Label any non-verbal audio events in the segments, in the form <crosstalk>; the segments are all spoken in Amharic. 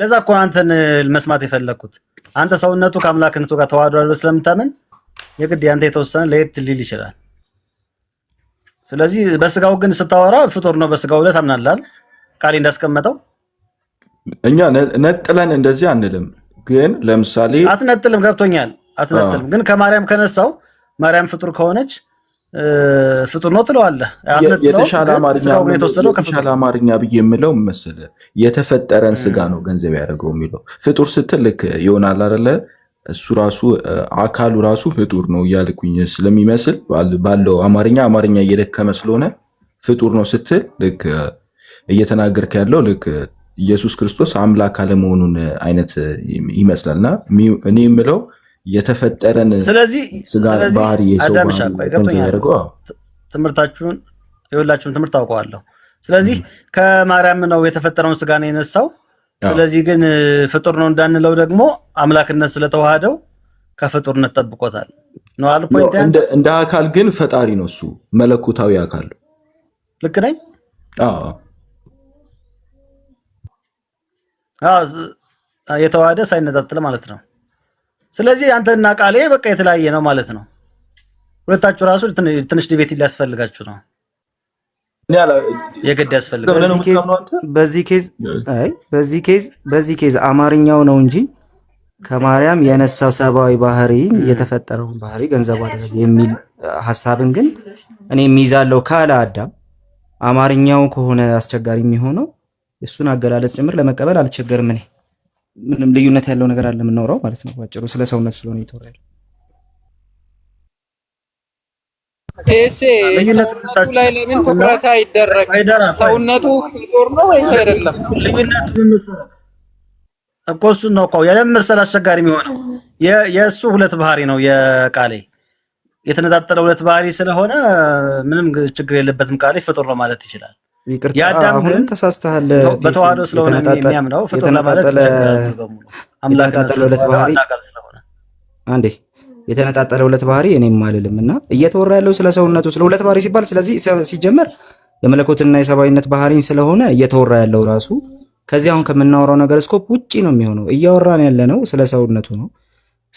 ለዛ እኮ አንተን መስማት የፈለግኩት አንተ ሰውነቱ ከአምላክነቱ ጋር ተዋህዷል ስለምታምን የግድ ያንተ የተወሰነ ለየት ሊል ይችላል። ስለዚህ በስጋው ግን ስታወራ ፍጡር ነው በስጋው ብለህ ታምናለህ። ቃል እንዳስቀመጠው እኛ ነጥለን እንደዚህ አንልም። ግን ለምሳሌ አትነጥልም፣ ገብቶኛል። አትነጥልም ግን ከማርያም ከነሳው ማርያም ፍጡር ከሆነች ፍጡር ነው ትለዋለህ። የተሻለ አማርኛ ብዬ የምለው መሰለ የተፈጠረን ስጋ ነው ገንዘብ ያደርገው የሚለው ፍጡር ስትል ልክ ይሆናል አይደለ? እሱ ራሱ አካሉ ራሱ ፍጡር ነው እያልኩኝ ስለሚመስል ባለው አማርኛ አማርኛ እየደከመ ስለሆነ ፍጡር ነው ስትል ልክ እየተናገርክ ያለው ልክ ኢየሱስ ክርስቶስ አምላክ አለመሆኑን አይነት ይመስላልና እኔ የምለው የተፈጠረን ስጋ ባህሪ የሰው ትምህርታችሁን የሁላችሁም ትምህርት አውቀዋለሁ። ስለዚህ ከማርያም ነው የተፈጠረውን ስጋ ነው የነሳው። ስለዚህ ግን ፍጡር ነው እንዳንለው ደግሞ አምላክነት ስለተዋሃደው ከፍጡርነት ጠብቆታል ነው አል እንደ አካል ግን ፈጣሪ ነው እሱ መለኮታዊ አካል ልክ ነኝ። የተዋሃደ ሳይነጣጥል ማለት ነው። ስለዚህ አንተና ቃሌ በቃ የተለያየ ነው ማለት ነው። ሁለታችሁ ራሱ ትንሽ ዲቤት ሊያስፈልጋችሁ ነው። የግድ ያስፈልጋል። በዚህ ኬዝ በዚህ ኬዝ አማርኛው ነው እንጂ ከማርያም የነሳው ሰብአዊ ባህሪ የተፈጠረውን ባህሪ ገንዘብ አደረገ የሚል ሀሳብን ግን እኔ የሚይዛለው ካለ አዳም አማርኛው ከሆነ አስቸጋሪ የሚሆነው እሱን አገላለጽ ጭምር ለመቀበል አልቸገርም እኔ ምንም ልዩነት ያለው ነገር አለ የምናወራው ማለት ነው። ባጭሩ ስለ ሰውነት ስለሆነ ይተወራል። ሰውነቱ ላይ ለምን ትኩረት አይደረግ? ሰውነቱ ፍጡር ነው ወይስ አይደለም? እኮ እሱን ነው እኮ የለም መሰል አስቸጋሪ የሚሆነው የእሱ ሁለት ባህሪ ነው። የቃሌ የተነጣጠለ ሁለት ባህሪ ስለሆነ ምንም ችግር የለበትም። ቃሌ ፍጡር ነው ማለት ይችላል። ይቅርታሁንም ተሳስተሃል። በተዋህዶ ስለሆነ የሚያምነው የተነጣጠለ ሁለት ባህሪ አንዴ የተነጣጠለ ሁለት ባህሪ እኔም አልልም እና እየተወራ ያለው ስለ ሰውነቱ ስለ ሁለት ባህሪ ሲባል ስለዚህ ሲጀመር የመለኮትና የሰብአዊነት ባህሪን ስለሆነ እየተወራ ያለው ራሱ ከዚህ አሁን ከምናወራው ነገር ስኮፕ ውጪ ነው የሚሆነው። እያወራን ያለነው ስለ ሰውነቱ ነው።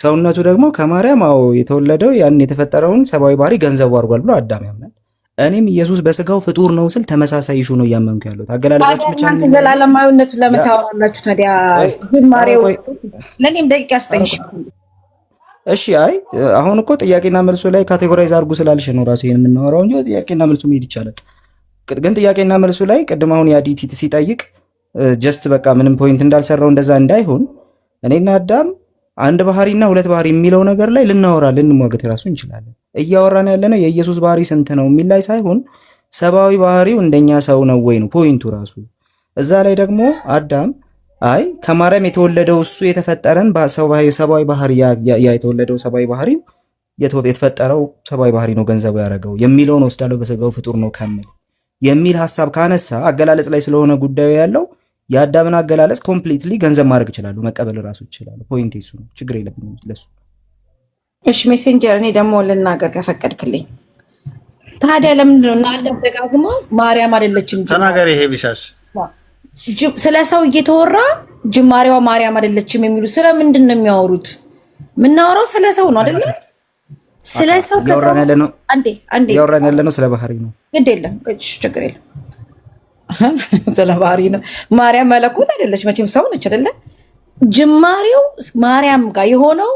ሰውነቱ ደግሞ ከማርያም አዎ የተወለደው ያን የተፈጠረውን ሰብአዊ ባህሪ ገንዘቡ አድርጓል ብሎ አዳም ያምናል። እኔም ኢየሱስ በስጋው ፍጡር ነው ስል ተመሳሳይ ሹ ነው እያመንኩ ያለሁት። አገላለጻችን ብቻ ነው። ዘላለማዊነቱ ለምታወራላችሁ ታዲያ ጅማሬው ለኔም ደቂቃ ያስጠኝሽ። እሺ አይ አሁን እኮ ጥያቄና መልሶ ላይ ካቴጎራይዝ አድርጉ ስላልሽ ነው ራሱ ይሄን የምናወራው እንጂ ጥያቄና መልሶ መሄድ ይቻላል። ግን ጥያቄና መልሱ ላይ ቅድም አሁን የአዲቲት ሲጠይቅ ጀስት በቃ ምንም ፖይንት እንዳልሰራው እንደዛ እንዳይሆን እኔና አዳም አንድ ባህሪና ሁለት ባህሪ የሚለው ነገር ላይ ልናወራ ልንሟገት ራሱ እንችላለን። እያወራን ያለነው የኢየሱስ ባህሪ ስንት ነው የሚል ላይ ሳይሆን ሰብአዊ ባህሪው እንደኛ ሰው ነው ወይ ነው ፖይንቱ ራሱ። እዛ ላይ ደግሞ አዳም አይ ከማርያም የተወለደው እሱ የተፈጠረን ሰብአዊ ባህሪ ያ የተወለደው ሰብአዊ ባህሪ የተፈጠረው ሰብአዊ ባህሪ ነው ገንዘቡ ያደረገው የሚለውን ወስዳለው በስጋው ፍጡር ነው ከምል የሚል ሀሳብ ካነሳ አገላለጽ ላይ ስለሆነ ጉዳዩ ያለው የአዳምን አገላለጽ ኮምፕሊትሊ ገንዘብ ማድረግ ይችላሉ። መቀበል ራሱ ይችላሉ። ፖይንት ሱ ነው። ችግር የለብኝም ለሱ። እሺ ሜሴንጀር፣ እኔ ደግሞ ልናገር ከፈቀድክልኝ። ታዲያ ለምንድን ነው እና እናንተ ደጋግሞ ማርያም አይደለችም ተናገር። ይሄ ቢሻሽ ስለ ሰው እየተወራ ጅማሬዋ ማርያም አይደለችም የሚሉ ስለምንድን ነው የሚያወሩት? የምናወራው ስለ ሰው ነው አይደለ? ስለ ሰው ያለ ነው። አንዴ አንዴ ያለ ነው። ስለ ባህሪ ነው። ግድ የለም ችግር የለም። <laughs> ስለ ባህሪ ነው። ማርያም መለኮት አይደለች መቼም ሰው ነች አይደለ? ጅማሬው ማርያም ጋር የሆነው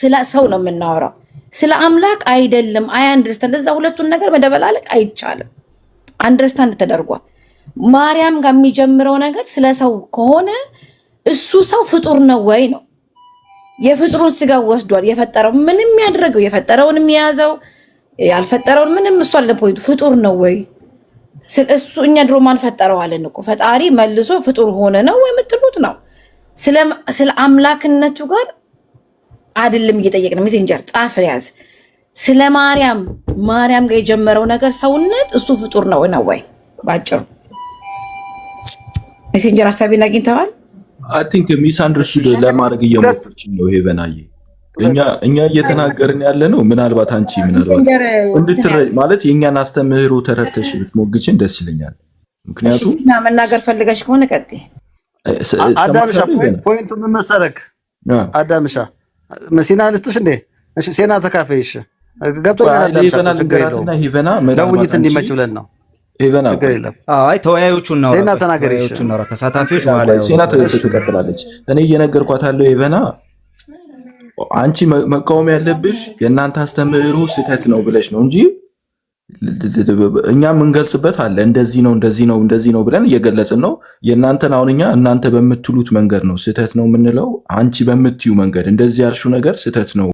ስለ ሰው ነው የምናወራው፣ ስለ አምላክ አይደለም። አይ አንደርስታንድ እዛ ሁለቱን ነገር መደበላለቅ አይቻልም። አንደርስታንድ ተደርጓል። ማርያም ጋር የሚጀምረው ነገር ስለ ሰው ከሆነ እሱ ሰው ፍጡር ነው ወይ ነው የፍጡሩን ስጋ ወስዷል። የፈጠረው ምንም ያደረገው የፈጠረውን የያዘው ያልፈጠረውን ምንም እሷ አለ ፖይንቱ ፍጡር ነው ወይ እሱ እኛ ድሮ ማን ፈጠረው አለን እኮ ፈጣሪ መልሶ ፍጡር ሆነ ነው ወይ የምትሉት ነው። ስለ አምላክነቱ ጋር አይደለም እየጠየቅ እየጠየቅን ሜሴንጀር ጻፍ ያዝ። ስለ ማርያም ማርያም ጋር የጀመረው ነገር ሰውነት እሱ ፍጡር ነው ነው ወይ? በአጭሩ ሜሴንጀር ሀሳቤን አግኝተዋል። አይ ቲንክ ሚስ አንደርስቱድ ለማድረግ እየሞከረች ነው ሄቨናዬ እኛ እየተናገርን ያለ ነው። ምናልባት አንቺ ምናልባት ማለት የእኛን አስተምህሮ ተረተሽ ብትሞግችን ደስ ይለኛል። ምክንያቱም መናገር ፈልገሽ ከሆነ ቀጤ አዳምሻ ፖይንቱ ምን መሰረክ አዳምሻ መሲና ልስጥሽ እንዴ ሴና ተካፈይሽ ገብቶ እንዲመች ብለን ነው። ሄቨና አይ ተወያዮቹ እናወራ ተሳታፊዎች ማለት ሴና ትቀጥላለች። እኔ እየነገርኳት ያለው ሄቨና አንቺ መቃወም ያለብሽ የእናንተ አስተምህሮ ስህተት ነው ብለሽ ነው እንጂ እኛ የምንገልጽበት አለ። እንደዚህ ነው እንደዚህ ነው እንደዚህ ነው ብለን እየገለጽን ነው። የእናንተን አሁን እኛ እናንተ በምትሉት መንገድ ነው ስህተት ነው የምንለው። አንቺ በምትዩ መንገድ እንደዚህ ያልሽው ነገር ስህተት ነው